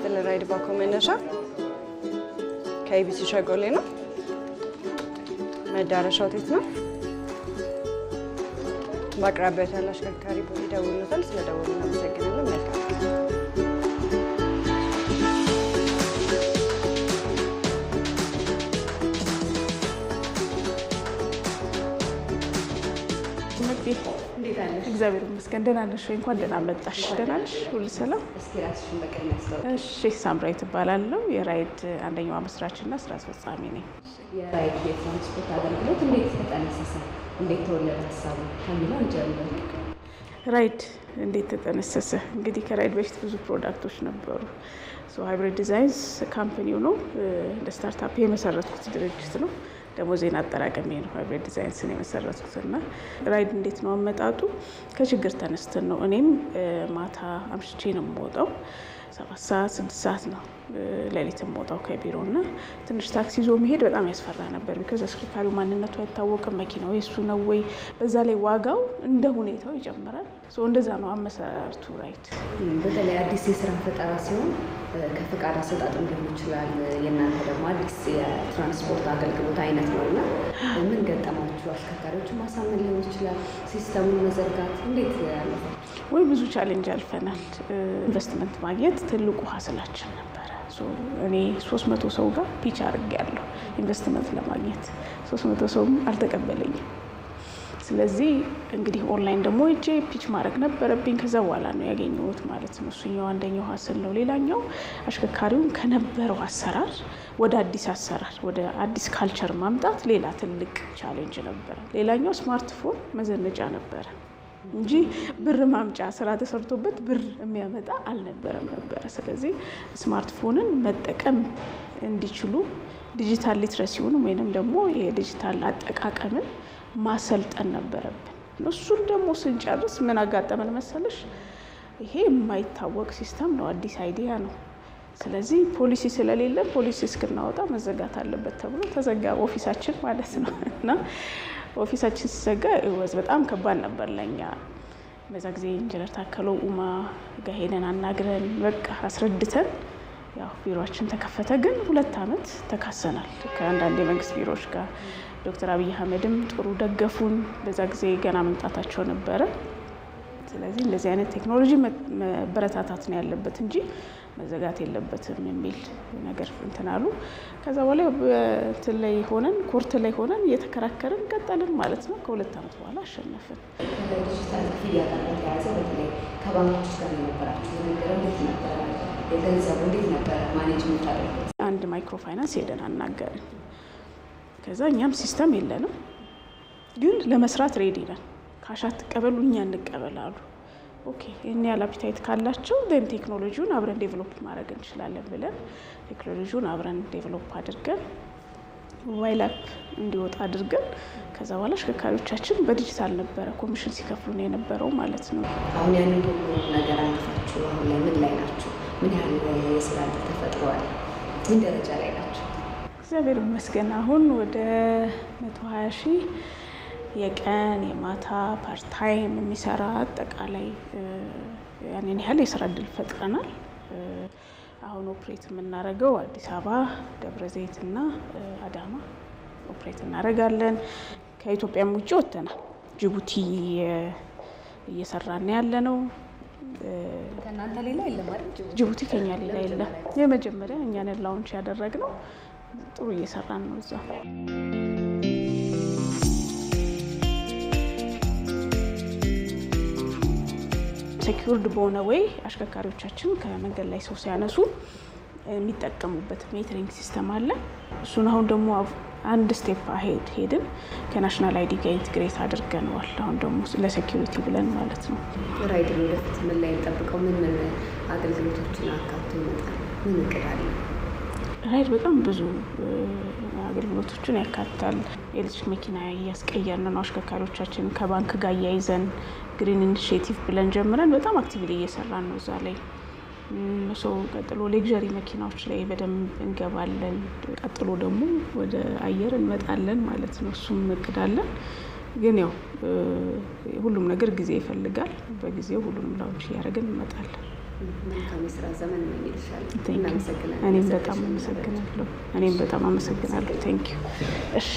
ስትልን ራይድ ባኮ መነሻ ከኢቢሲ ሸጎሌ ነው። መዳረሻው ቴት ነው። በአቅራቢያት ያለ አሽከርካሪ ቦሌ ደውሎታል። ስለደወሉ እናመሰግናለን። መልካም እግዚአብሔር ይመስገን። ደህና ነሽ ወይ? እንኳን ደህና መጣሽ። ደህና ነሽ? ሁሉ ሰላም? እሺ። ሳምራይ ትባላለሁ። የራይድ አንደኛዋ መስራችና ስራ አስፈጻሚ ነኝ። የራይድ የትራንስፖርት አገልግሎት እንዴት ተጠነሰሰ? እንዴት ተወለደ ሀሳቡ ከሚለው እንጀምር። ራይድ እንዴት ተጠነሰሰ? እንግዲህ ከራይድ በፊት ብዙ ፕሮዳክቶች ነበሩ። ሃይብሪድ ዲዛይንስ ካምፕኒው ነው እንደ ስታርታፕ የመሰረትኩት ድርጅት ነው ደግሞ ዜና አጠራቀሚ ነው ሀብሬድ ዲዛይንስን የመሰረቱትና ራይድ እንዴት ነው አመጣጡ? ከችግር ተነስተን ነው። እኔም ማታ አምሽቼ ነው የምወጣው። ሰባት ሰዓት ስድስት ሰዓት ነው ሌሊት የምወጣው ከቢሮ እና ትንሽ ታክሲ ይዞ መሄድ በጣም ያስፈራ ነበር። ቢኮዝ አሽከርካሪው ማንነቱ አይታወቅም። መኪናው የሱ ነው ወይ? በዛ ላይ ዋጋው እንደ ሁኔታው ይጨምራል። እንደዛ ነው አመሰራርቱ ራይት በተለይ አዲስ የስራ ፈጠራ ሲሆን ከፈቃድ አሰጣጥም ሊሆን ይችላል። የእናንተ ደግሞ አዲስ የትራንስፖርት አገልግሎት አይነት ነው እና ምን ገጠማችሁ? አሽከርካሪዎችን ማሳመን ሊሆን ይችላል፣ ሲስተሙን መዘርጋት እንዴት ያለፋችሁ? ወይ ብዙ ቻሌንጅ አልፈናል። ኢንቨስትመንት ማግኘት ትልቁ ሀስላችን ነበረ። እኔ ሶስት መቶ ሰው ጋር ፒች አድርጌያለሁ ኢንቨስትመንት ለማግኘት ሶስት መቶ ሰውም አልተቀበለኝም። ስለዚህ እንግዲህ ኦንላይን ደግሞ እጄ ፒች ማድረግ ነበረብኝ። ከዛ በኋላ ነው ያገኘሁት ማለት ነው። እሱኛው አንደኛው ሀስል ነው። ሌላኛው አሽከርካሪውን ከነበረው አሰራር ወደ አዲስ አሰራር ወደ አዲስ ካልቸር ማምጣት ሌላ ትልቅ ቻሌንጅ ነበረ። ሌላኛው ስማርትፎን መዘነጫ ነበረ እንጂ ብር ማምጫ ስራ ተሰርቶበት ብር የሚያመጣ አልነበረም ነበረ። ስለዚህ ስማርትፎንን መጠቀም እንዲችሉ ዲጂታል ሊትረሲውን ወይንም ደግሞ የዲጂታል አጠቃቀምን ማሰልጠን ነበረብን። እሱን ደግሞ ስንጨርስ ምን አጋጠመን መሰለሽ? ይሄ የማይታወቅ ሲስተም ነው፣ አዲስ አይዲያ ነው። ስለዚህ ፖሊሲ ስለሌለ ፖሊሲ እስክናወጣ መዘጋት አለበት ተብሎ ተዘጋ ኦፊሳችን ማለት ነው። እና ኦፊሳችን ሲዘጋ ወዝ በጣም ከባድ ነበር ለእኛ በዛ ጊዜ ኢንጂነር ታከለው ኡማ ጋር ሄደን አናግረን በቃ አስረድተን ያው ቢሮችን ተከፈተ። ግን ሁለት ዓመት ተካሰናል ከአንዳንድ የመንግስት ቢሮዎች ጋር። ዶክተር አብይ አህመድም ጥሩ ደገፉን። በዛ ጊዜ ገና መምጣታቸው ነበረ። ስለዚህ እንደዚህ አይነት ቴክኖሎጂ መበረታታት ነው ያለበት እንጂ መዘጋት የለበትም የሚል ነገር እንትን አሉ። ከዛ በኋላ እንትን ላይ ሆነን ኮርት ላይ ሆነን እየተከራከርን ቀጠልን ማለት ነው። ከሁለት ዓመት በኋላ አሸነፍን። ከባንኮች ጋር የነበራቸው ነገር ነበረ? የገንዘቡ እንዴት ነበረ ማኔጅመንት የምታደርጉት? አንድ ማይክሮ ፋይናንስ ሄደን አናገርን። ከዛ እኛም ሲስተም የለንም ግን ለመስራት ሬዲ ነን፣ ካሽ አትቀበሉ እኛ እንቀበል አሉ። ኦኬ ይህን ያህል አፒታይት ካላቸው ን ቴክኖሎጂውን አብረን ዴቨሎፕ ማድረግ እንችላለን ብለን ቴክኖሎጂውን አብረን ዴቨሎፕ አድርገን ሞባይል አፕ እንዲወጣ አድርገን ከዛ በኋላ አሽከርካሪዎቻችን በዲጂታል ነበረ ኮሚሽን ሲከፍሉ ነው የነበረው ማለት ነው። አሁን ያንን ሁሉ ነገር አልፋችሁ አሁን ላይ ምን ላይ ናቸው? ስላለ ተፈጥሯል። ምን ደረጃ ላይ ናቸው? እግዚአብሔር ይመስገን አሁን ወደ መቶ ሀያ ሺህ የቀን የማታ ፓርታይም የሚሰራ አጠቃላይ ያንን ያህል የስራ እድል ፈጥረናል። አሁን ኦፕሬት የምናደርገው አዲስ አበባ፣ ደብረ ዘይት እና አዳማ ኦፕሬት እናደርጋለን። ከኢትዮጵያም ውጭ ወጥተናል። ጅቡቲ እየሰራን ያለ ነው። ከእናንተ ጅቡቲ ከኛ ሌላ የለም። የመጀመሪያ እኛን ላውንች ያደረግነው ጥሩ እየሰራን ነው እዛ ሴኪርድ በሆነ ወይ አሽከርካሪዎቻችን ከመንገድ ላይ ሰው ሲያነሱ የሚጠቀሙበት ሜትሪንግ ሲስተም አለ። እሱን አሁን ደግሞ አንድ ስቴፕ አሄድ ሄድን ከናሽናል አይዲ ጋር ኢንትግሬት አድርገነዋል። አሁን ደግሞ ለሴኪሪቲ ብለን ማለት ነው። ራይድን ወደፊት ምን ላይ ጠብቀው ምን ምን አገልግሎቶችን አካቶ ይመጣል? ምን እቅድ አለ? ራይድ በጣም ብዙ አገልግሎቶችን ያካትታል። ኤሌክትሪክ መኪና እያስቀየርን ነው። አሽከርካሪዎቻችንን ከባንክ ጋር እያይዘን ግሪን ኢኒሽቲቭ ብለን ጀምረን በጣም አክቲቪሊ እየሰራን ነው እዛ ላይ ሰው ቀጥሎ ሌግዠሪ መኪናዎች ላይ በደንብ እንገባለን። ቀጥሎ ደግሞ ወደ አየር እንመጣለን ማለት ነው። እሱም እቅዳለን። ግን ያው ሁሉም ነገር ጊዜ ይፈልጋል። በጊዜው ሁሉንም ላውንች እያደረግን እንመጣለን። እኔም በጣም አመሰግናለሁ። እኔም በጣም አመሰግናለሁ። ቴንክ ዩ። እሺ